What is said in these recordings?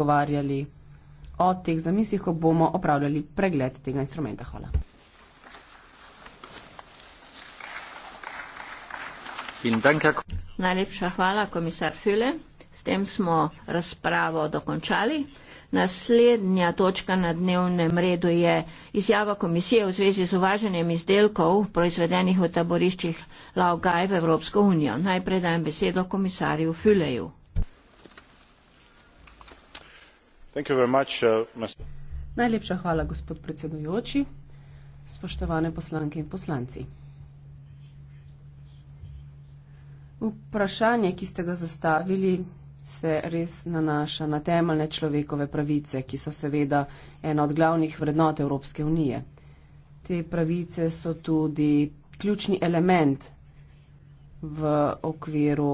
govarjali o teh zamislih, ko bomo opravljali pregled tega instrumenta. Hvala. Najlepša hvala, komisar File. S tem smo razpravo dokončali. Naslednja točka na dnevnem redu je izjava komisije v zvezi z uvaženjem izdelkov proizvedenih v taboriščih Laogaj v Evropsko unijo. Najprej dajem besedo komisarju Füleju. Uh, Najlepša hvala, gospod predsedujoči. Spoštovane poslanke in poslanci. Vprašanje, ki ste ga zastavili, se res nanaša na temeljne človekove pravice, ki so seveda ena od glavnih vrednot Evropske unije. Te pravice so tudi ključni element v okviru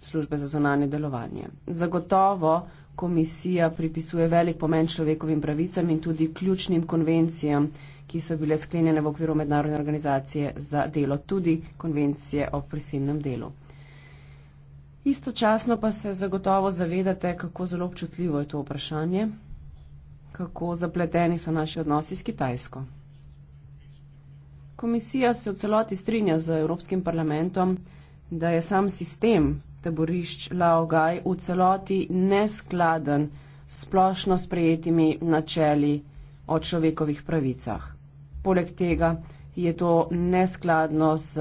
službe za zonanje delovanje. Zagotovo komisija pripisuje velik pomen človekovim pravicam in tudi ključnim konvencijam, ki so bile sklenjene v okviru mednarodne organizacije za delo, tudi konvencije o prisilnem delu. Istočasno pa se zagotovo zavedate, kako zelo občutljivo je to vprašanje, kako zapleteni so naši odnosi s Kitajsko. Komisija se v celoti strinja z Evropskim parlamentom, da je sam sistem taborišč Laogaj v celoti neskladen s splošno sprejetimi načeli o človekovih pravicah. Poleg tega je to neskladno s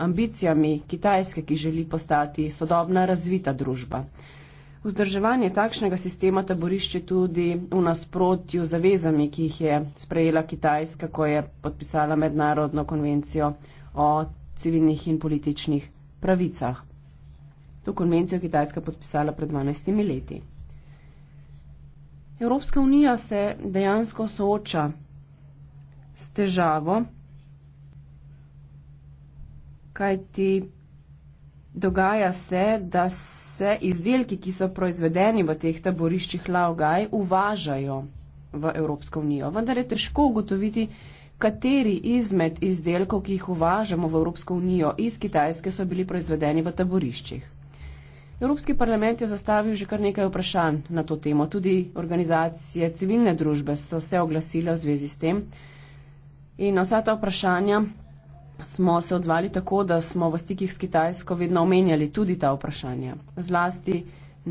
ambicijami Kitajske, ki želi postati sodobna razvita družba. Vzdrževanje takšnega sistema taborišče tudi v nasprotju z zavezami, ki jih je sprejela Kitajska, ko je podpisala mednarodno konvencijo o civilnih in političnih pravicah. To konvencijo Kitajska podpisala pred 12 leti. Evropska unija se dejansko sooča s težavo, kajti dogaja se, da se izdelki, ki so proizvedeni v teh taboriščih laogaj, uvažajo v Evropsko unijo. Vendar je težko ugotoviti, kateri izmed izdelkov, ki jih uvažamo v Evropsko unijo iz Kitajske, so bili proizvedeni v taboriščih. Evropski parlament je zastavil že kar nekaj vprašanj na to temo. Tudi organizacije civilne družbe so se oglasile v zvezi s tem. In na vsa ta vprašanja smo se odzvali tako, da smo v stikih s Kitajsko vedno omenjali tudi ta vprašanja. Zlasti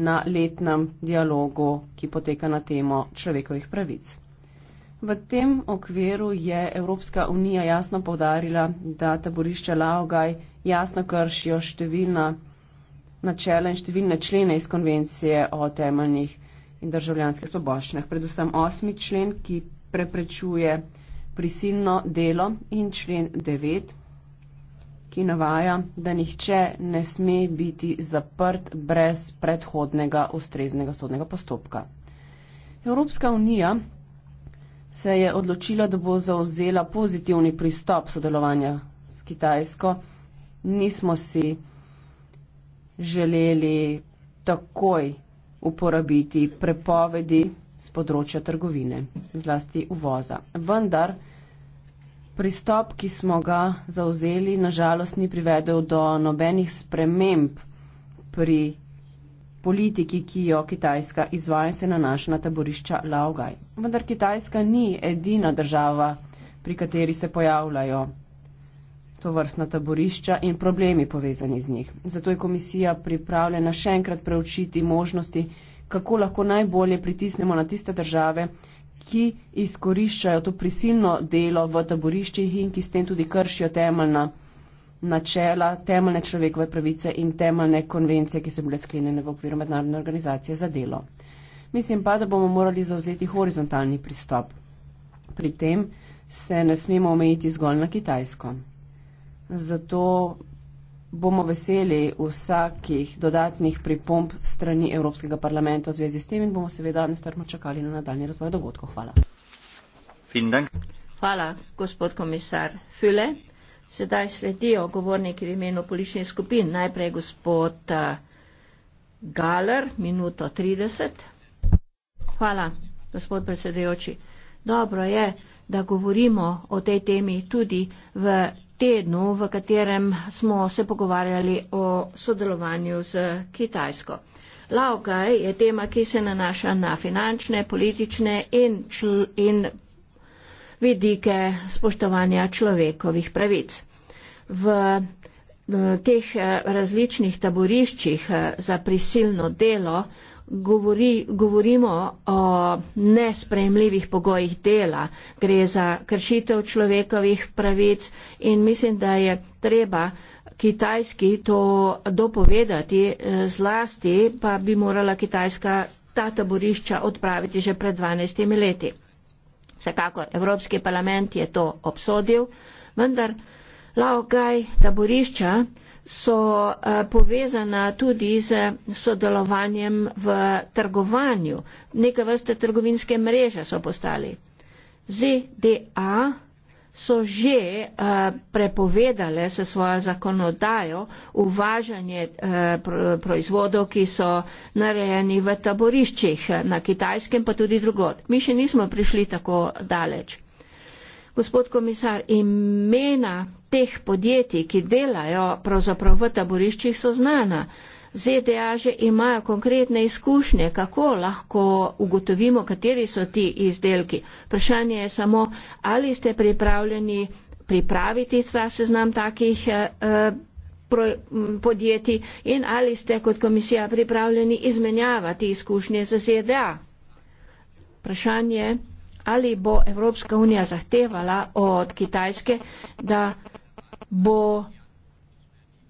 na letnem dialogu, ki poteka na temo človekovih pravic. V tem okviru je Evropska unija jasno povdarila, da taborišče Laogaj jasno kršijo številna načela in številne člene iz konvencije o temeljnih in državljanskih sloboščinah. Predvsem osmi člen, ki preprečuje prisilno delo in člen devet, ki navaja, da nihče ne sme biti zaprt brez predhodnega ustreznega sodnega postopka. Evropska unija se je odločila, da bo zauzela pozitivni pristop sodelovanja s Kitajsko. Nismo si želeli takoj uporabiti prepovedi z področja trgovine, zlasti uvoza. Vendar pristop, ki smo ga zauzeli, nažalost ni privedel do nobenih sprememb pri politiki, ki jo Kitajska izvaja se nanaša na taborišča Laogaj. Vendar Kitajska ni edina država, pri kateri se pojavljajo to vrstna taborišča in problemi povezani z njih. Zato je komisija pripravljena še enkrat preučiti možnosti, kako lahko najbolje pritisnemo na tiste države, ki izkoriščajo to prisilno delo v taboriščih in ki s tem tudi kršijo temeljna načela, temeljne človekove pravice in temeljne konvencije, ki so bile sklenjene v okviru mednarodne organizacije za delo. Mislim pa, da bomo morali zauzeti horizontalni pristop. Pri tem se ne smemo omejiti zgolj na Kitajsko zato bomo veseli vsakih dodatnih pripomb strani Evropskega parlamenta v zvezi s tem in bomo seveda nestrpno čakali na nadaljni razvoj dogodkov. Hvala. Hvala, gospod komisar Füle. Sedaj sledijo govorniki v imenu politične skupine. Najprej gospod eh, Galer, minuto 30. Hvala, gospod predsedujoči. Dobro je, da govorimo o tej temi tudi v tednu, v katerem smo se pogovarjali o sodelovanju z Kitajsko. Laokaj je tema, ki se nanaša na finančne, politične in, čl in vidike spoštovanja človekovih pravic. V eh, teh eh, različnih taboriščih eh, za prisilno delo govori, govorimo o nespremljivih pogojih dela, gre za kršitev človekovih pravic in mislim, da je treba kitajski to dopovedati eh, zlasti, pa bi morala kitajska ta taborišča odpraviti že pred 12 leti. Vsekakor Evropski parlament je to obsodil, vendar Laogaj taborišča so eh, povezana tudi z sodelovanjem v trgovanju. Neka vrste trgovinske mreže so postali. ZDA so že uh, prepovedale se svojo zakonodajo uvažanje uh, proizvodov, ki so narejeni v taboriščih na kitajskem, pa tudi drugod. Mi še nismo prišli tako daleč. Gospod komisar, imena teh podjetij, ki delajo pravzaprav v taboriščih, so znana. ZDA že imajo konkretne izkušnje, kako lahko ugotovimo, kateri so ti izdelki. Vprašanje je samo, ali ste pripravljeni pripraviti ta seznam takih eh, eh pro, podjetij in ali ste kot komisija pripravljeni izmenjavati izkušnje z ZDA. Vprašanje je ali bo Evropska unija zahtevala od Kitajske, da bo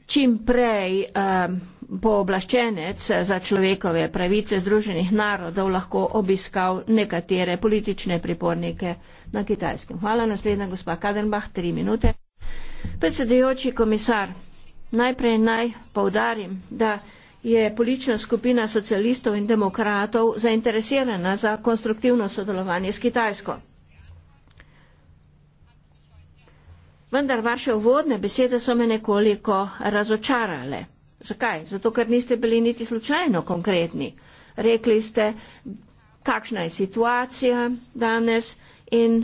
čim prej um, pooblaščenec za človekove pravice Združenih narodov lahko obiskal nekatere politične pripornike na Kitajskem. Hvala, naslednja gospa Kadenbach, tri minute. Predsedujoči komisar, najprej naj poudarim, da je politična skupina socialistov in demokratov zainteresirana za konstruktivno sodelovanje s Kitajsko. Vendar vaše uvodne besede so me nekoliko razočarale. Zakaj? Zato, ker niste bili niti slučajno konkretni. Rekli ste, kakšna je situacija danes in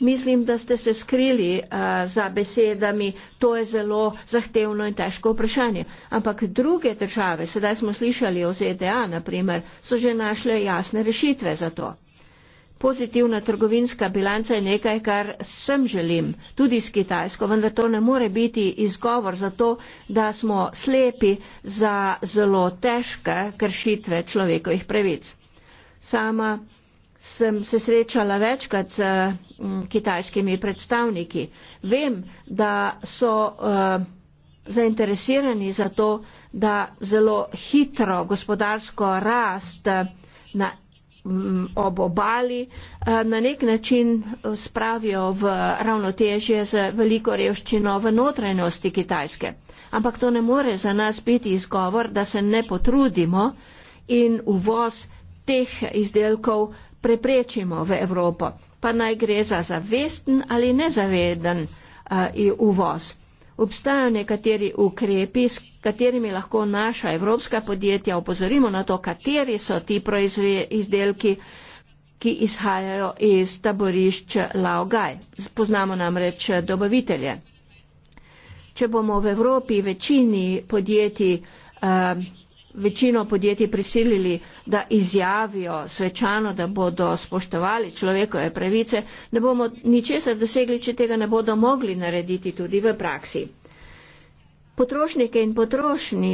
Mislim, da ste se skrili uh, za besedami, to je zelo zahtevno in težko vprašanje. Ampak druge države, sedaj smo slišali o ZDA, naprimer, so že našle jasne rešitve za to. Pozitivna trgovinska bilanca je nekaj, kar sem želim, tudi s Kitajsko, vendar to ne more biti izgovor za to, da smo slepi za zelo težke kršitve človekovih pravic. Sama sem se srečala večkrat s mm, kitajskimi predstavniki. Vem, da so eh, zainteresirani za to, da zelo hitro gospodarsko rast eh, na, mm, ob obali eh, na nek način spravijo v ravnotežje z veliko revščino v notranjosti Kitajske. Ampak to ne more za nas biti izgovor, da se ne potrudimo in uvoz teh izdelkov preprečimo v Evropo, pa naj gre za zavesten ali nezaveden uh, uvoz. Obstajajo nekateri ukrepi, s katerimi lahko naša evropska podjetja opozorimo na to, kateri so ti proizdelki, ki izhajajo iz taborišč Laogaj. Poznamo namreč dobavitelje. Če bomo v Evropi večini podjetij uh, večino podjetij prisilili, da izjavijo svečano, da bodo spoštovali človekove pravice, ne bomo ničesar dosegli, če tega ne bodo mogli narediti tudi v praksi. Potrošnike in potrošni,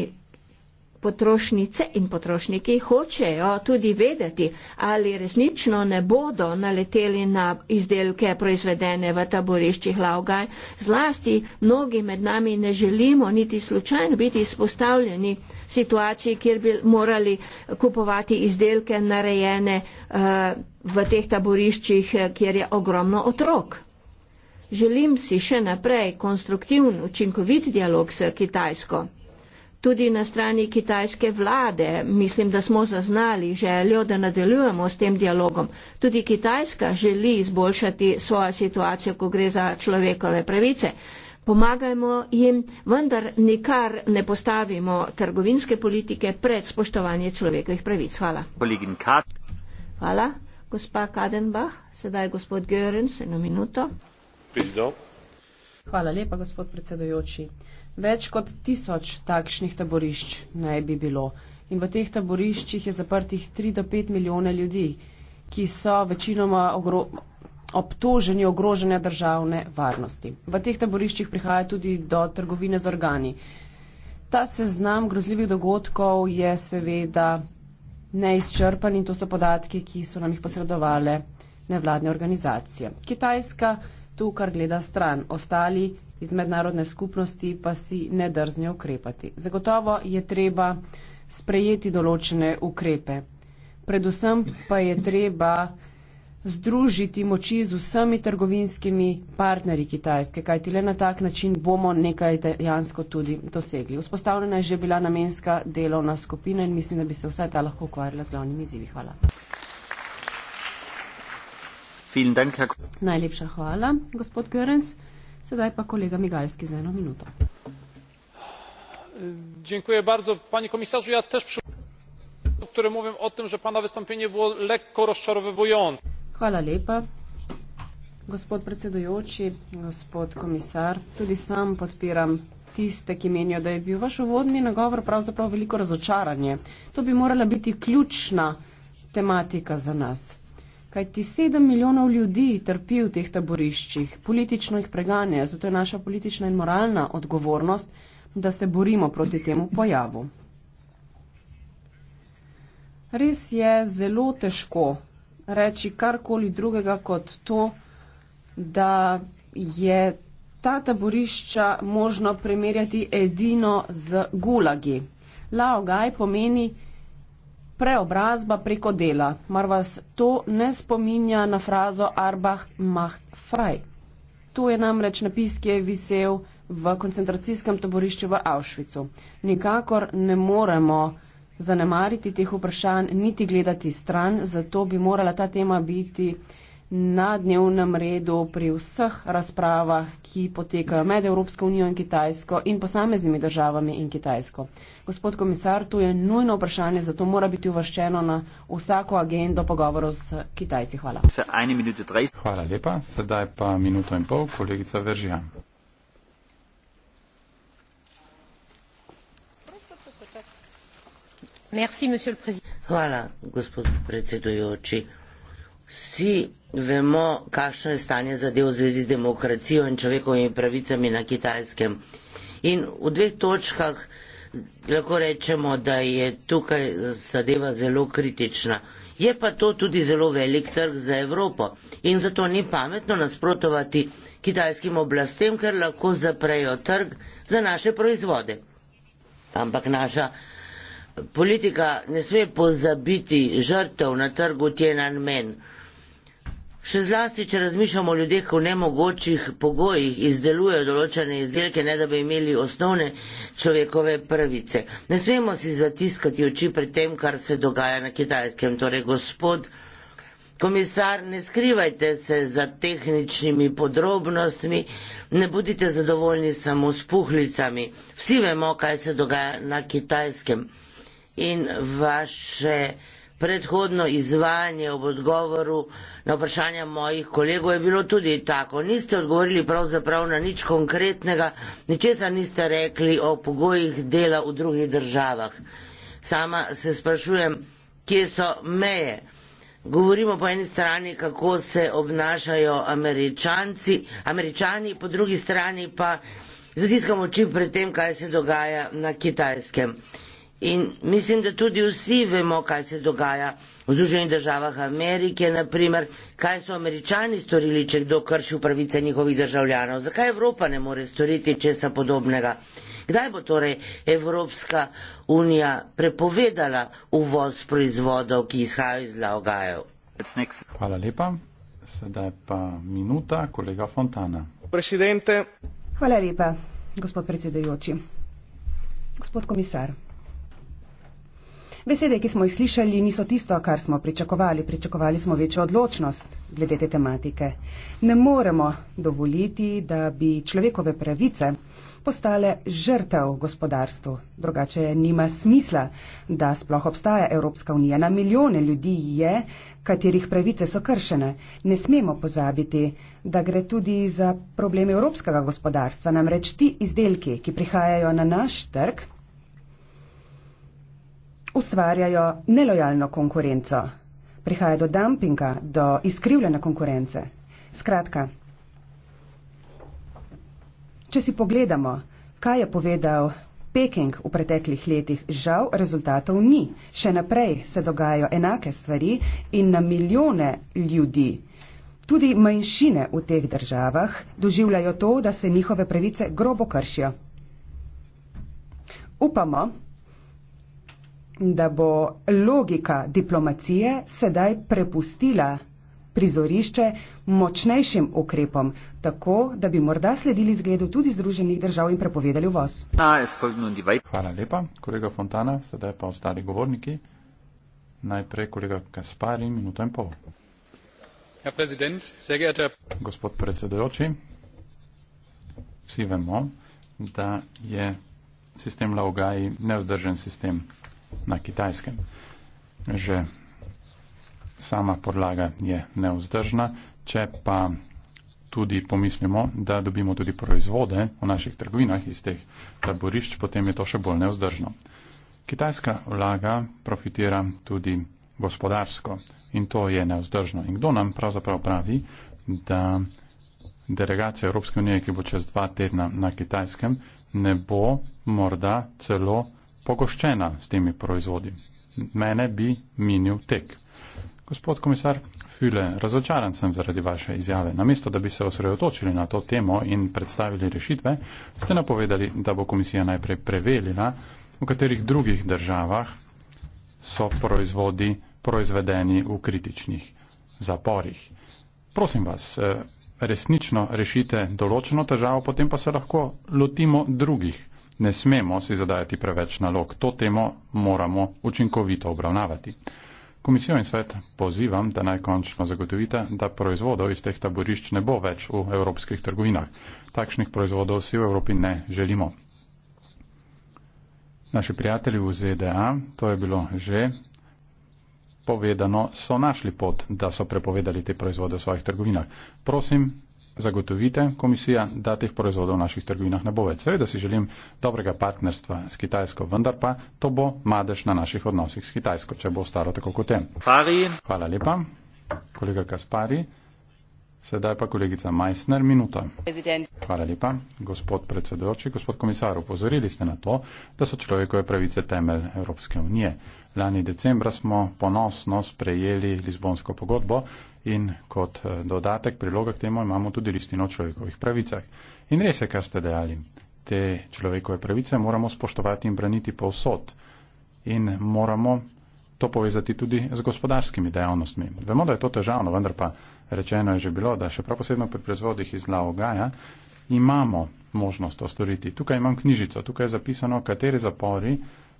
potrošnice in potrošniki hočejo tudi vedeti, ali resnično ne bodo naleteli na izdelke proizvedene v taboriščih Laugaj. Zlasti mnogi med nami ne želimo niti slučajno biti izpostavljeni situaciji, kjer bi morali kupovati izdelke narejene eh, v teh taboriščih, eh, kjer je ogromno otrok. Želim si še naprej konstruktivn, učinkovit dialog s Kitajsko. Tudi na strani kitajske vlade mislim, da smo zaznali željo, da nadaljujemo s tem dialogom. Tudi Kitajska želi izboljšati svojo situacijo, ko gre za človekove pravice pomagajmo jim, vendar nikar ne postavimo trgovinske politike pred spoštovanje človekovih pravic. Hvala. Hvala. Gospa Kadenbach, sedaj gospod Görens, eno minuto. Hvala lepa, gospod predsedujoči. Več kot tisoč takšnih taborišč naj bi bilo. In v teh taboriščih je zaprtih 3 do 5 milijone ljudi, ki so večinoma ogro, obtoženi ogrožanja državne varnosti. V teh taboriščih prihaja tudi do trgovine z organi. Ta seznam grozljivih dogodkov je seveda neizčrpan in to so podatki, ki so nam jih posredovale nevladne organizacije. Kitajska tu kar gleda stran, ostali iz mednarodne skupnosti pa si ne drzne ukrepati. Zagotovo je treba sprejeti določene ukrepe. Predvsem pa je treba združiti moči z vsemi trgovinskimi partnerji Kitajske, kajti le na tak način bomo nekaj dejansko tudi dosegli. Vzpostavljena je že bila namenska delovna skupina in mislim, da bi se vsaj ta lahko ukvarjala z glavnimi izzivi. Hvala. Dank, Herr... Najlepša hvala, gospod Görens. Sedaj pa kolega Migalski za eno minuto. Dziękuję bardzo. Panie komisarzu, ja też przy... które mówią o tym, że pana wystąpienie było lekko rozczarowywujące. Hvala lepa. Gospod predsedujoči, gospod komisar, tudi sam podpiram tiste, ki menijo, da je bil vaš uvodni nagovor pravzaprav veliko razočaranje. To bi morala biti ključna tematika za nas. Kaj ti sedem milijonov ljudi trpi v teh taboriščih, politično jih preganja, zato je naša politična in moralna odgovornost, da se borimo proti temu pojavu. Res je zelo težko reči karkoli drugega kot to, da je ta taborišča možno primerjati edino z gulagi. Laogaj pomeni preobrazba preko dela. Mar vas to ne spominja na frazo Arbach macht frei? To je namreč napis, ki je visel v koncentracijskem taborišču v Auschwitzu. Nikakor ne moremo zanemariti teh vprašanj, niti gledati stran, zato bi morala ta tema biti na dnevnem redu pri vseh razpravah, ki potekajo med Evropsko unijo in Kitajsko in posameznimi državami in Kitajsko. Gospod komisar, to je nujno vprašanje, zato mora biti uvrščeno na vsako agendo pogovorov s Kitajci. Hvala. Hvala lepa. Sedaj pa minuto in pol, kolegica Veržija. Hvala, gospod predsedujoči. Vsi vemo, kakšno je stanje zadev v zvezi z demokracijo in človekovimi pravicami na kitajskem. In v dveh točkah lahko rečemo, da je tukaj zadeva zelo kritična. Je pa to tudi zelo velik trg za Evropo in zato ni pametno nasprotovati kitajskim oblastem, ker lahko zaprejo trg za naše proizvode. Ampak naša politika ne sme pozabiti žrtev na trgu Tiananmen. Še zlasti, če razmišljamo o ljudeh v nemogočih pogojih, izdelujejo določene izdelke, ne da bi imeli osnovne človekove prvice. Ne smemo si zatiskati oči pred tem, kar se dogaja na kitajskem. Torej, gospod komisar, ne skrivajte se za tehničnimi podrobnostmi, ne bodite zadovoljni samo s puhlicami. Vsi vemo, kaj se dogaja na kitajskem in vaše predhodno izvajanje ob odgovoru na vprašanja mojih kolegov je bilo tudi tako. Niste odgovorili pravzaprav na nič konkretnega, ničesar niste rekli o pogojih dela v drugih državah. Sama se sprašujem, kje so meje. Govorimo po eni strani, kako se obnašajo američanci, američani, po drugi strani pa zatiskamo oči pred tem, kaj se dogaja na kitajskem. In mislim, da tudi vsi vemo, kaj se dogaja v Združenih državah Amerike, naprimer, kaj so američani storili, če kdo krši pravice njihovih državljanov. Zakaj Evropa ne more storiti česa podobnega? Kdaj bo torej Evropska unija prepovedala uvoz proizvodov, ki izhajajo iz Laogajev? Hvala lepa. Sedaj pa minuta, kolega Fontana. Presidente. Hvala lepa, gospod predsedujoči. Gospod komisar. Besede, ki smo jih slišali, niso tisto, kar smo pričakovali. Pričakovali smo večjo odločnost glede te tematike. Ne moremo dovoliti, da bi človekove pravice postale žrtev gospodarstvu. Drugače nima smisla, da sploh obstaja Evropska unija. Na milijone ljudi je, katerih pravice so kršene. Ne smemo pozabiti, da gre tudi za problem evropskega gospodarstva. Namreč ti izdelki, ki prihajajo na naš trg, ustvarjajo nelojalno konkurenco. Prihaja do dumpinga, do izkrivljene konkurence. Skratka, če si pogledamo, kaj je povedal Peking v preteklih letih, žal rezultatov ni. Še naprej se dogajajo enake stvari in na milijone ljudi, tudi manjšine v teh državah, doživljajo to, da se njihove pravice grobo kršijo. Upamo, da bo logika diplomacije sedaj prepustila prizorišče močnejšim ukrepom, tako da bi morda sledili zgledu tudi Združenih držav in prepovedali uvoz. Hvala lepa, kolega Fontana, sedaj pa ostali govorniki. Najprej kolega Kaspari, minuto in pol. Gospod predsedojoči, vsi vemo, da je sistem Laogaji nevzdržen sistem na kitajskem. Že sama podlaga je neuzdržna, če pa tudi pomislimo, da dobimo tudi proizvode v naših trgovinah iz teh taborišč, potem je to še bolj neuzdržno. Kitajska vlaga profitira tudi gospodarsko in to je neuzdržno. In kdo nam pravzaprav pravi, da delegacija Evropske unije, ki bo čez dva tedna na kitajskem, ne bo morda celo pogoščena s temi proizvodi. Mene bi minil tek. Gospod komisar File, razočaran sem zaradi vaše izjave. Namesto, da bi se osredotočili na to temo in predstavili rešitve, ste napovedali, da bo komisija najprej preverila, v katerih drugih državah so proizvodi proizvedeni v kritičnih zaporih. Prosim vas, eh, resnično rešite določeno težavo, potem pa se lahko lotimo drugih Ne smemo si zadajati preveč nalog. To temo moramo učinkovito obravnavati. Komisijo in svet pozivam, da naj končno zagotovite, da proizvodov iz teh taborišč ne bo več v evropskih trgovinah. Takšnih proizvodov si v Evropi ne želimo. Naši prijatelji v ZDA, to je bilo že povedano, so našli pot, da so prepovedali te proizvode v svojih trgovinah. Prosim, zagotovite, komisija, da teh proizvodov v naših trgovinah ne bo več. Seveda si želim dobrega partnerstva s Kitajsko, vendar pa to bo madež na naših odnosih s Kitajsko, če bo ostalo tako kot je. Hvala lepa, kolega Kaspari. Sedaj pa kolegica Meissner, minuta. President. Hvala lepa, gospod predsedujoči, gospod komisar, upozorili ste na to, da so človekove pravice temelj Evropske unije. Lani decembra smo ponosno sprejeli Lizbonsko pogodbo, in kot eh, dodatek priloga k temu imamo tudi listino o človekovih pravicah. In res je, kar ste dejali, te človekove pravice moramo spoštovati in braniti povsod in moramo to povezati tudi z gospodarskimi dejavnostmi. Vemo, da je to težavno, vendar pa rečeno je že bilo, da še prav posebno pri proizvodih iz Laogaja imamo možnost to storiti. Tukaj imam knjižico, tukaj je zapisano, kateri zapori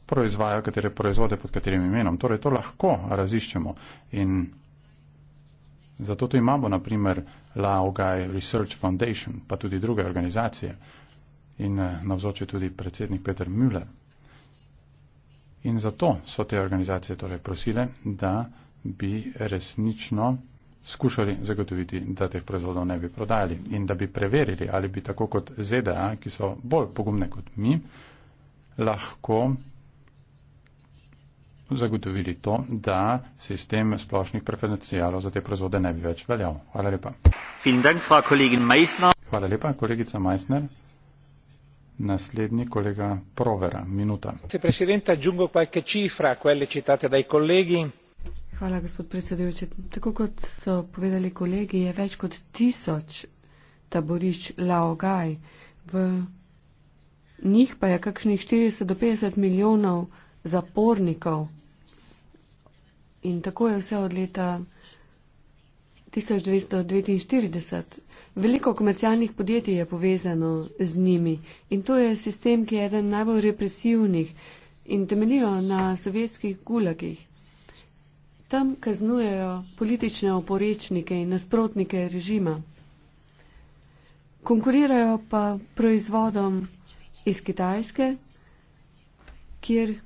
proizvajajo, katere proizvode pod katerim imenom. Torej, to lahko raziščemo in Zato tu imamo naprimer Laogai Research Foundation, pa tudi druge organizacije in eh, navzoče tudi predsednik Peter Müller. In zato so te organizacije torej prosile, da bi resnično skušali zagotoviti, da teh proizvodov ne bi prodajali in da bi preverili, ali bi tako kot ZDA, ki so bolj pogumne kot mi, lahko zagotovili to, da sistem splošnih preferencijalov za te proizvode ne bi več veljal. Hvala lepa. Hvala lepa, kolegica Meissner. Naslednji kolega Provera, minuta. Hvala, gospod predsedujoči. Tako kot so povedali kolegi, je več kot tisoč taborišč Laogaj. V njih pa je kakšnih 40 do 50 milijonov zapornikov In tako je vse od leta 1949. Veliko komercialnih podjetij je povezano z njimi in to je sistem, ki je eden najbolj represivnih in temeljijo na sovjetskih gulagih. Tam kaznujejo politične oporečnike in nasprotnike režima. Konkurirajo pa proizvodom iz Kitajske, kjer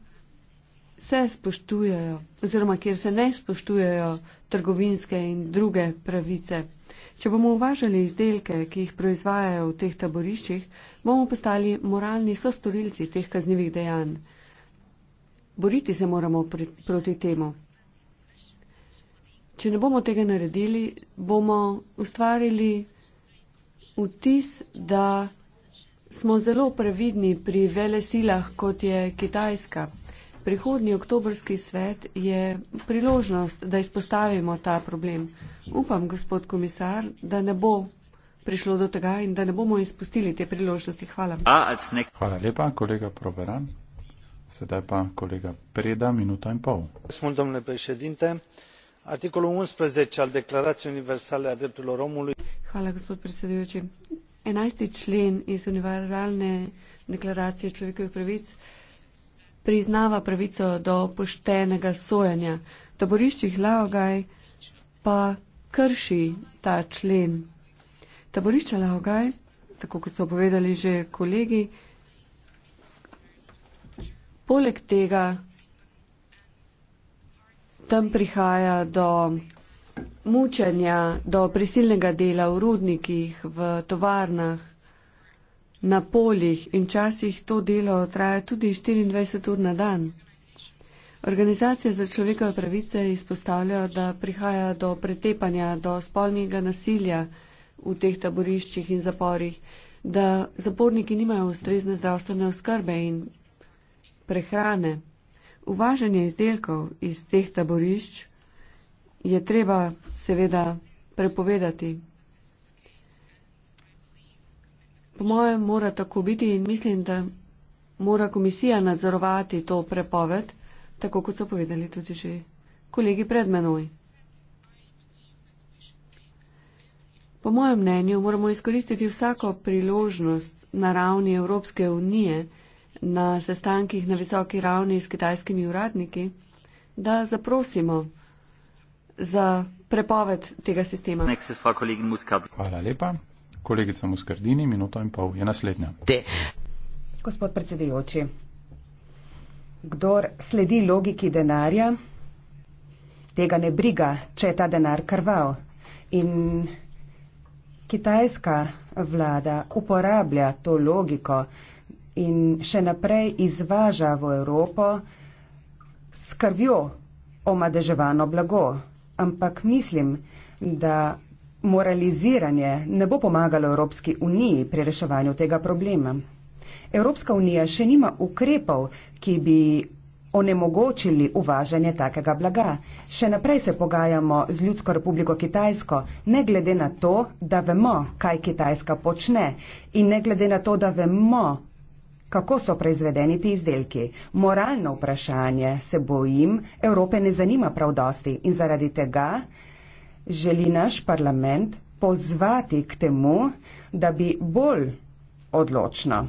se spoštujejo oziroma kjer se ne spoštujejo trgovinske in druge pravice. Če bomo uvažali izdelke, ki jih proizvajajo v teh taboriščih, bomo postali moralni sostorilci teh kaznjivih dejanj. Boriti se moramo pri, proti temu. Če ne bomo tega naredili, bomo ustvarili vtis, da smo zelo previdni pri vele silah, kot je Kitajska, Prihodni oktobrski svet je priložnost, da izpostavimo ta problem. Upam, gospod komisar, da ne bo prišlo do tega in da ne bomo izpustili te priložnosti. Hvala. Hvala lepa, kolega Proberan. Sedaj pa kolega Preda, minuta in pol. Articolul 11 al Declarației Universale a Drepturilor Omului. Hvala, gospod predsedujoči. 11. člen iz Univerzalne deklaracije človekovih pravic priznava pravico do poštenega sojenja. Taboriščih Laogaj pa krši ta člen. Taborišča Laogaj, tako kot so povedali že kolegi, poleg tega tam prihaja do mučenja, do prisilnega dela v rudnikih, v tovarnah, na poljih in včasih to delo traja tudi 24 ur na dan. Organizacije za človekove pravice izpostavljajo, da prihaja do pretepanja, do spolnega nasilja v teh taboriščih in zaporih, da zaporniki nimajo ustrezne zdravstvene oskrbe in prehrane. Uvažanje izdelkov iz teh taborišč je treba seveda prepovedati. Po mojem mora tako biti in mislim, da mora komisija nadzorovati to prepoved, tako kot so povedali tudi že kolegi pred menoj. Po mojem mnenju moramo izkoristiti vsako priložnost na ravni Evropske unije, na sestankih na visoki ravni s kitajskimi uradniki, da zaprosimo za prepoved tega sistema. Hvala lepa. Kolegica Muskardini, minuto in pol je naslednja. Te. Gospod predsedujoči, kdor sledi logiki denarja, tega ne briga, če je ta denar krval. In kitajska vlada uporablja to logiko in še naprej izvaža v Evropo s krvjo omadeževano blago. Ampak mislim, da moraliziranje ne bo pomagalo Evropski uniji pri reševanju tega problema. Evropska unija še nima ukrepov, ki bi onemogočili uvažanje takega blaga. Še naprej se pogajamo z Ljudsko republiko Kitajsko, ne glede na to, da vemo, kaj Kitajska počne in ne glede na to, da vemo, kako so proizvedeni ti izdelki. Moralno vprašanje se bojim, Evrope ne zanima prav dosti in zaradi tega želi naš parlament pozvati k temu, da bi bolj odločno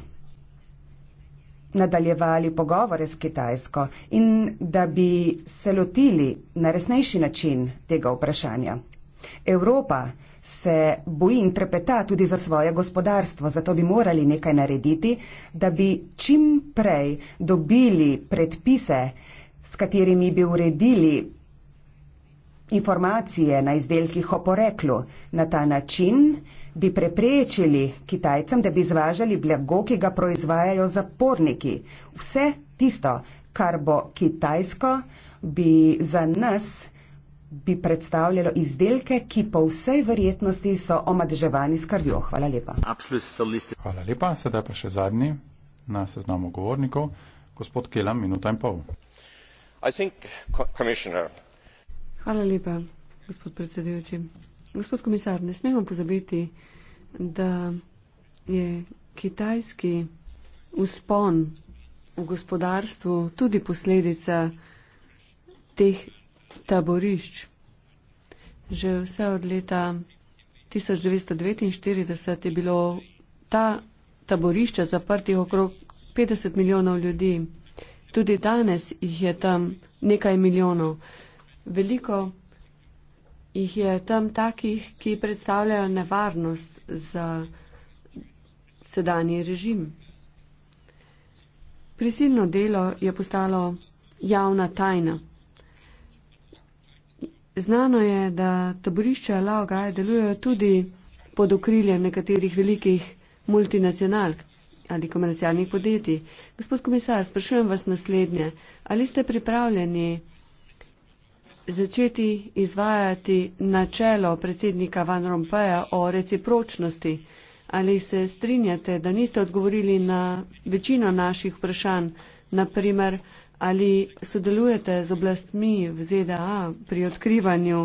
nadaljevali pogovore s Kitajsko in da bi se lotili na resnejši način tega vprašanja. Evropa se boji in trepeta tudi za svoje gospodarstvo, zato bi morali nekaj narediti, da bi čim prej dobili predpise, s katerimi bi uredili informacije na izdelkih o poreklu. Na ta način bi preprečili Kitajcem, da bi izvažali blago, ki ga proizvajajo zaporniki. Vse tisto, kar bo kitajsko, bi za nas bi predstavljalo izdelke, ki po vsej verjetnosti so omadeževani s krvjo. Hvala lepa. Hvala lepa. Sedaj pa še zadnji na seznamu govornikov, gospod Kelam, minuta in pol. Hvala lepa, gospod predsedujoči. Gospod komisar, ne smemo pozabiti, da je kitajski uspon v gospodarstvu tudi posledica teh taborišč. Že vse od leta 1949 je bilo ta taborišča zaprtih okrog 50 milijonov ljudi. Tudi danes jih je tam nekaj milijonov. Veliko jih je tam takih, ki predstavljajo nevarnost za sedanji režim. Prisilno delo je postalo javna tajna. Znano je, da taborišča Laogaj delujejo tudi pod okriljem nekaterih velikih multinacionalk ali komercialnih podjetij. Gospod komisar, sprašujem vas naslednje. Ali ste pripravljeni? začeti izvajati načelo predsednika Van Rompeja o recipročnosti? Ali se strinjate, da niste odgovorili na večino naših vprašanj, naprimer, ali sodelujete z oblastmi v ZDA pri odkrivanju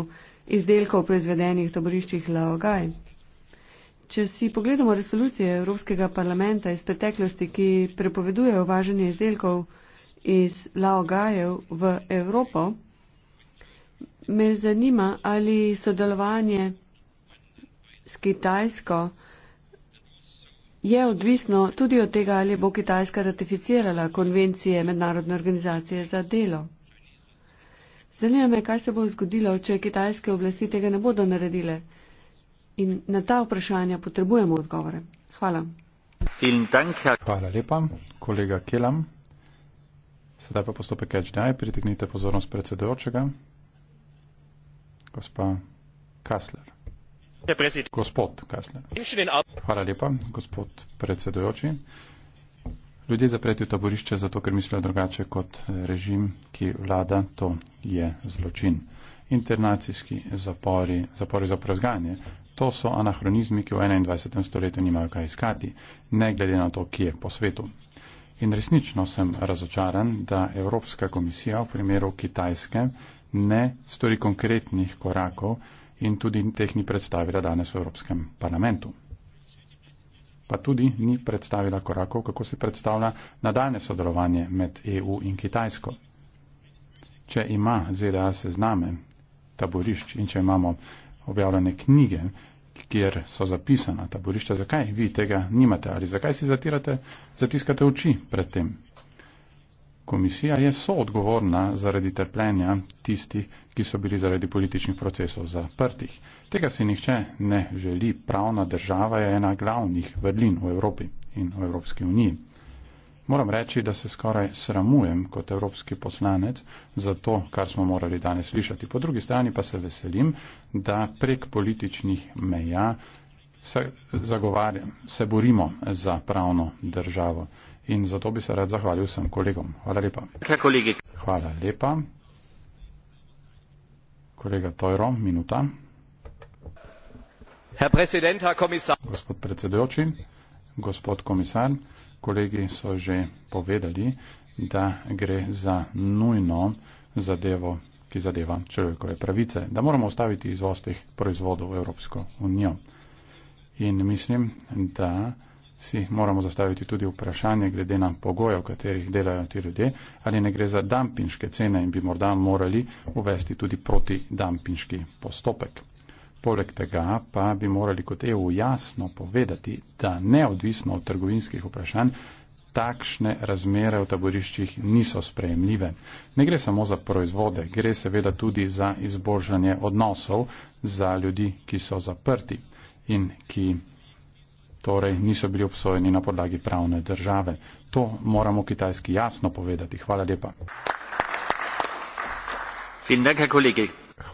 izdelkov proizvedenih v taboriščih Laogaj? Če si pogledamo resolucije Evropskega parlamenta iz preteklosti, ki prepovedujejo važenje izdelkov iz Laogajev v Evropo, Me zanima, ali sodelovanje s Kitajsko je odvisno tudi od tega, ali bo Kitajska ratificirala konvencije Mednarodne organizacije za delo. Zanima me, kaj se bo zgodilo, če kitajske oblasti tega ne bodo naredile. In na ta vprašanja potrebujemo odgovore. Hvala. Hvala lepa, kolega Kelam. Sedaj pa postopek HDI, pritegnite pozornost predsedojočega. Gospa Kasler. Ja, gospod Kasler. Hvala lepa, gospod predsedujoči. Ljudje zapretijo taborišče zato, ker mislijo drugače kot režim, ki vlada, to je zločin. Internacijski zapori, zapori za prevzganje, to so anahronizmi, ki v 21. stoletju nimajo kaj iskati, ne glede na to, kje po svetu. In resnično sem razočaran, da Evropska komisija v primeru Kitajske ne stori konkretnih korakov in tudi teh ni predstavila danes v Evropskem parlamentu. Pa tudi ni predstavila korakov, kako si predstavlja nadaljne sodelovanje med EU in Kitajsko. Če ima ZDA sezname taborišč in če imamo objavljene knjige, kjer so zapisana taborišča, zakaj vi tega nimate ali zakaj si zatirate, zatiskate oči pred tem? Komisija je soodgovorna zaradi trpljenja tistih, ki so bili zaradi političnih procesov zaprtih. Tega si nihče ne želi. Pravna država je ena glavnih vrlin v Evropi in v Evropski uniji. Moram reči, da se skoraj sramujem kot evropski poslanec za to, kar smo morali danes slišati. Po drugi strani pa se veselim, da prek političnih meja se zagovarjam, se borimo za pravno državo in zato bi se rad zahvalil vsem kolegom. Hvala lepa. Hvala lepa. Kolega Tojro, minuta. Gospod predsedojoči, gospod komisar, kolegi so že povedali, da gre za nujno zadevo, ki zadeva človekove pravice, da moramo ostaviti izvoz teh proizvodov v Evropsko unijo. In mislim, da si moramo zastaviti tudi vprašanje glede na pogoje, v katerih delajo ti ljudje, ali ne gre za dampinške cene in bi morda morali uvesti tudi proti dampinški postopek. Poleg tega pa bi morali kot EU jasno povedati, da neodvisno od trgovinskih vprašanj takšne razmere v taboriščih niso sprejemljive. Ne gre samo za proizvode, gre seveda tudi za izboljšanje odnosov za ljudi, ki so zaprti in ki torej niso bili obsojeni na podlagi pravne države. To moramo kitajski jasno povedati. Hvala lepa.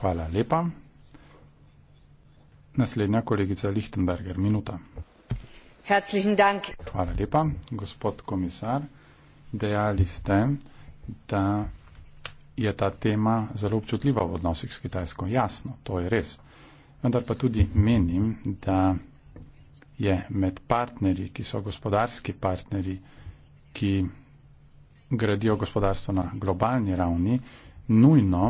Hvala lepa. Naslednja kolegica Lichtenberger, minuta. Hvala lepa, gospod komisar. Dejali ste, da je ta tema zelo občutljiva v odnosih s Kitajsko. Jasno, to je res. Vendar pa tudi menim, da je med partnerji, ki so gospodarski partnerji, ki gradijo gospodarstvo na globalni ravni, nujno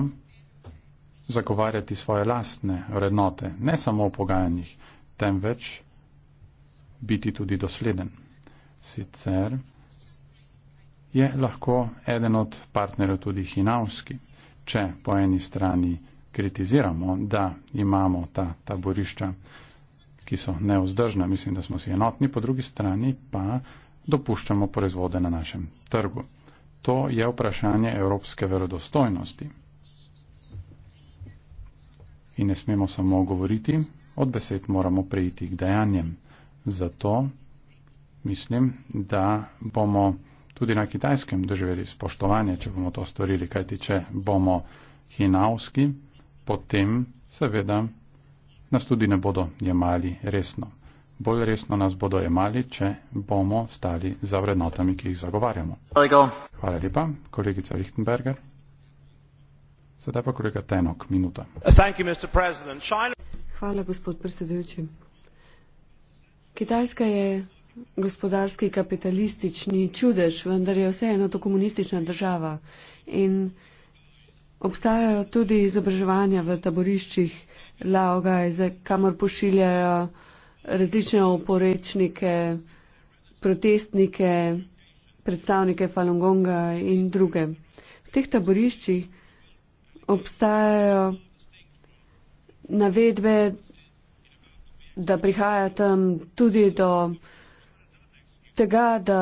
zagovarjati svoje lastne vrednote, ne samo v pogajanjih, temveč biti tudi dosleden. Sicer je lahko eden od partnerjev tudi hinavski, če po eni strani kritiziramo, da imamo ta taborišča ki so neuzdržna. Mislim, da smo si enotni, po drugi strani pa dopuščamo proizvode na našem trgu. To je vprašanje evropske verodostojnosti. In ne smemo samo govoriti, od besed moramo preiti k dejanjem. Zato mislim, da bomo tudi na kitajskem doživeli spoštovanje, če bomo to storili, kajti če bomo hinavski, potem seveda nas tudi ne bodo jemali resno. Bolj resno nas bodo jemali, če bomo stali za vrednotami, ki jih zagovarjamo. Hvala lepa, kolegica Lichtenberger. Sedaj pa kolega Tenok, minuta. Hvala, gospod predsedujoči. Kitajska je gospodarski kapitalistični čudež, vendar je vseeno to komunistična država. In obstajajo tudi izobraževanja v taboriščih Laogaj, kamor pošiljajo različne oporečnike, protestnike, predstavnike Falun Gonga in druge. V teh taboriščih obstajajo navedbe, da prihaja tam tudi do tega, da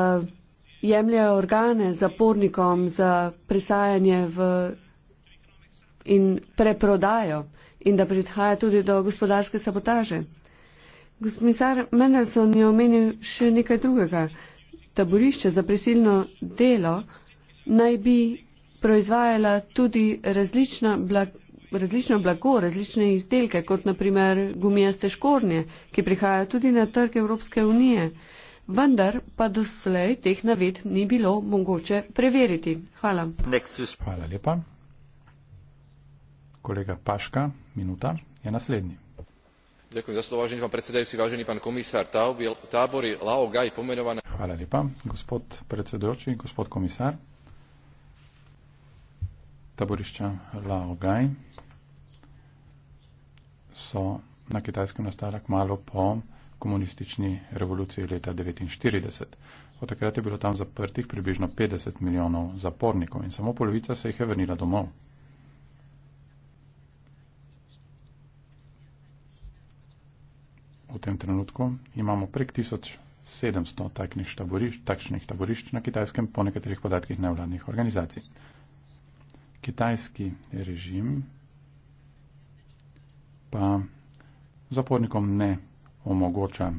jemljajo organe zapornikom za presajanje in preprodajo in da prihaja tudi do gospodarske sabotaže. Gospodar Mendelson je omenil še nekaj drugega. Taborišče za prisilno delo naj bi proizvajala tudi različna blagovna različno blago, različne izdelke, kot naprimer gumijaste škornje, ki prihajajo tudi na trg Evropske unije. Vendar pa doslej teh navid ni bilo mogoče preveriti. Hvala. Hvala lepa. Kolega Paška, minúta je naslednji. Ďakujem za slovo, vážený pán predsedajúci, vážený pán komisár. Tábory Lao Gai pomenované... Hvala lepa, gospod predsedajúci, gospod komisár. Taborišťa Lao Gai so na Kitajskom nastala kmalo po komunistični revoluciji leta 1949. Od takrat je bilo tam zaprtih približno 50 milijonov zapornikov in samo polovica se jih je vrnila domov. v tem trenutku. Imamo prek 1700 takšnih taborišč, takšnih taborišč na kitajskem, po nekaterih podatkih nevladnih organizacij. Kitajski režim pa zapornikom ne omogoča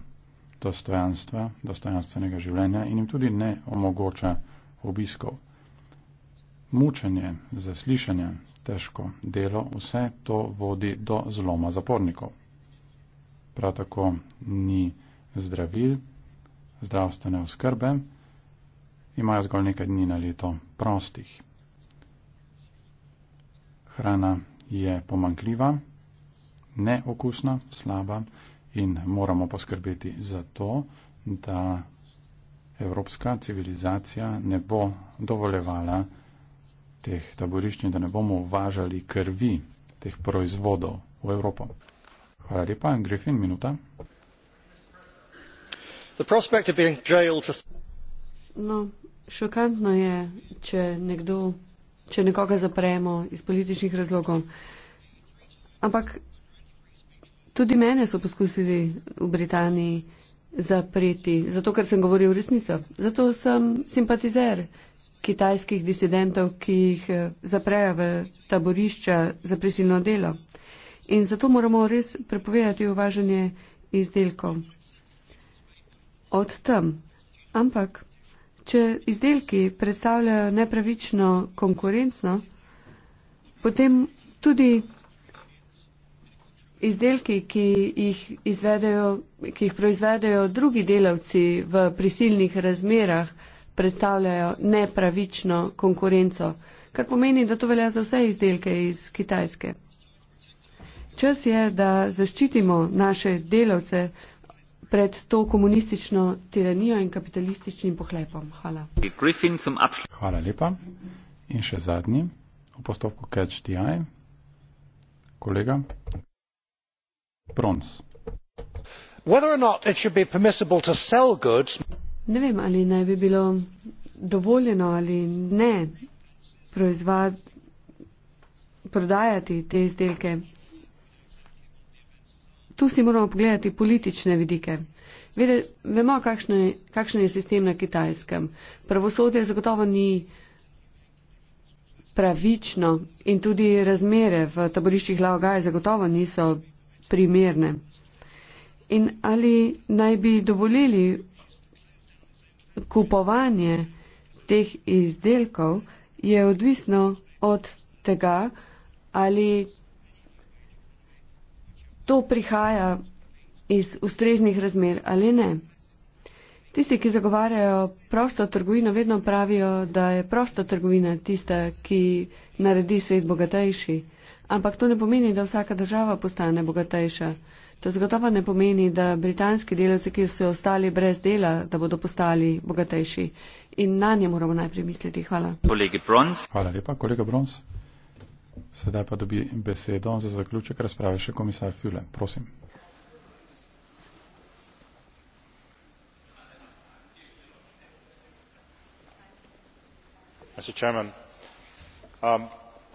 dostojanstva, dostojanstvenega življenja in jim tudi ne omogoča obiskov. Mučenje, zaslišanje, težko delo, vse to vodi do zloma zapornikov prav tako ni zdravil, zdravstvene oskrbe, imajo zgolj nekaj dni na leto prostih. Hrana je pomankljiva, neokusna, slaba in moramo poskrbeti za to, da evropska civilizacija ne bo dovoljevala teh taboriščin, da ne bomo uvažali krvi teh proizvodov v Evropo. Hvala lepa. Griffin, minuta. No, šokantno je, če, nekdo, če nekoga zapremo iz političnih razlogov. Ampak tudi mene so poskusili v Britaniji zapreti, zato ker sem govoril resnico. Zato sem simpatizer kitajskih disidentov, ki jih eh, zaprejo v taborišča za prisilno delo. In zato moramo res prepovedati uvažanje izdelkov od tam. Ampak, če izdelki predstavljajo nepravično konkurenčno, potem tudi izdelki, ki jih, ki jih proizvedajo drugi delavci v prisilnih razmerah, predstavljajo nepravično konkurenco, kar pomeni, da to velja za vse izdelke iz Kitajske. Čas je, da zaščitimo naše delavce pred to komunistično tiranijo in kapitalističnim pohlepom. Hvala. Hvala lepa. In še zadnji v postopku Catch the Eye. Kolega. Bronz. Ne vem, ali naj bi bilo dovoljeno ali ne proizvad, prodajati te izdelke tu si moramo pogledati politične vidike. Vede, vemo, kakšen je, je sistem na kitajskem. Pravosodje zagotovo ni pravično in tudi razmere v taboriščih Laogaj zagotovo niso primerne. In ali naj bi dovolili kupovanje teh izdelkov, je odvisno od tega, ali to prihaja iz ustreznih razmer ali ne. Tisti, ki zagovarjajo prosto trgovino, vedno pravijo, da je prosta trgovina tista, ki naredi svet bogatejši. Ampak to ne pomeni, da vsaka država postane bogatejša. To zagotovo ne pomeni, da britanski delavci, ki so ostali brez dela, da bodo postali bogatejši. In na nje moramo najprej misliti. Hvala. Hvala lepa, kolega Brons. Sedaj pa dobi besedo za zaključek razprave še komisar Füle. Prosim. Mr. Chairman, um,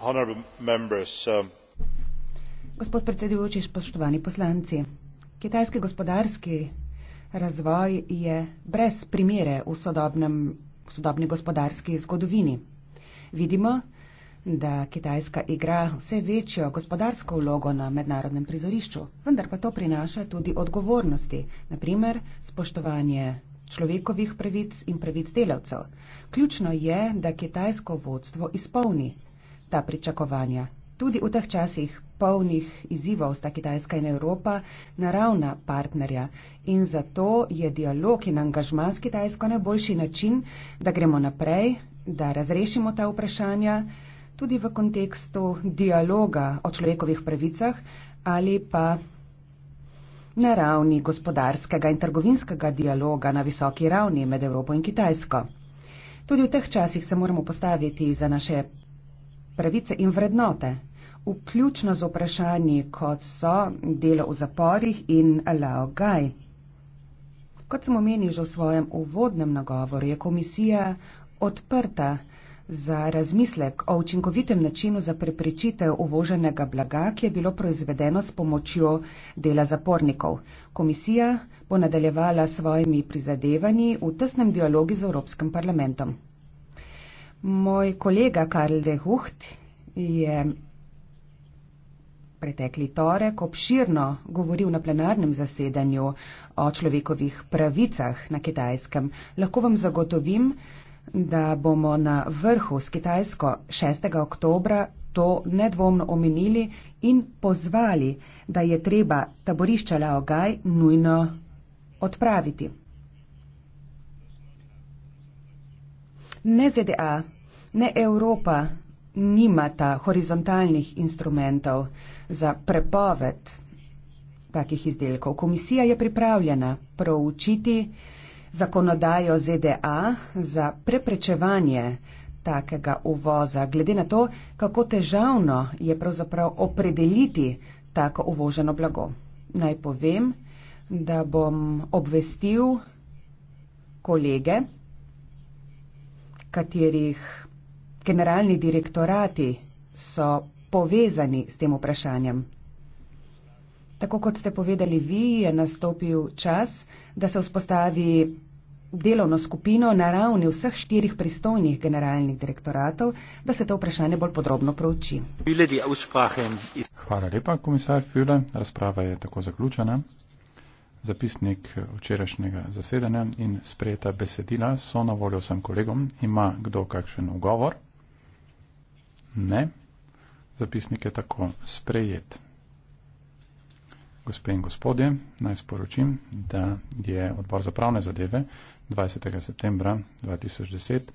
honorable members, um, Gospod predsedujoči, spoštovani poslanci. Kitajski gospodarski razvoj je brez primere v, sodobnem, v sodobni gospodarski zgodovini. Vidimo, da Kitajska igra vse večjo gospodarsko vlogo na mednarodnem prizorišču, vendar pa to prinaša tudi odgovornosti, naprimer spoštovanje človekovih pravic in pravic delavcev. Ključno je, da kitajsko vodstvo izpolni ta pričakovanja. Tudi v teh časih polnih izzivov sta Kitajska in Evropa naravna partnerja in zato je dialog in angažma s Kitajsko najboljši način, da gremo naprej, da razrešimo ta vprašanja tudi v kontekstu dialoga o človekovih pravicah ali pa na ravni gospodarskega in trgovinskega dialoga na visoki ravni med Evropo in Kitajsko. Tudi v teh časih se moramo postaviti za naše pravice in vrednote, vključno z vprašanji, kot so delo v zaporih in Lao Gai. Kot sem omenil že v svojem uvodnem nagovoru, je komisija odprta za razmislek o učinkovitem načinu za preprečitev uvoženega blaga, ki je bilo proizvedeno s pomočjo dela zapornikov. Komisija bo nadaljevala svojimi prizadevanji v tesnem dialogu z Evropskim parlamentom. Moj kolega Karl de Hucht je pretekli torek obširno govoril na plenarnem zasedanju o človekovih pravicah na kitajskem. Lahko vam zagotovim, da bomo na vrhu s Kitajsko 6. oktobra to nedvomno omenili in pozvali, da je treba taborišča Laogaj nujno odpraviti. Ne ZDA, ne Evropa nimata horizontalnih instrumentov za prepoved takih izdelkov. Komisija je pripravljena proučiti, zakonodajo ZDA za preprečevanje takega uvoza, glede na to, kako težavno je pravzaprav opredeliti tako uvoženo blago. Naj povem, da bom obvestil kolege, katerih generalni direktorati so povezani s tem vprašanjem. Tako kot ste povedali vi, je nastopil čas, da se vzpostavi delovno skupino na ravni vseh štirih pristojnih generalnih direktoratov, da se to vprašanje bolj podrobno prouči. Hvala lepa, komisar Füle. Razprava je tako zaključena. Zapisnik včerajšnjega zasedanja in sprejeta besedila so na voljo vsem kolegom. Ima kdo kakšen ugovor? Ne. Zapisnik je tako sprejet. Gospe in gospodje, naj sporočim, da je odbor za pravne zadeve 20. septembra 2010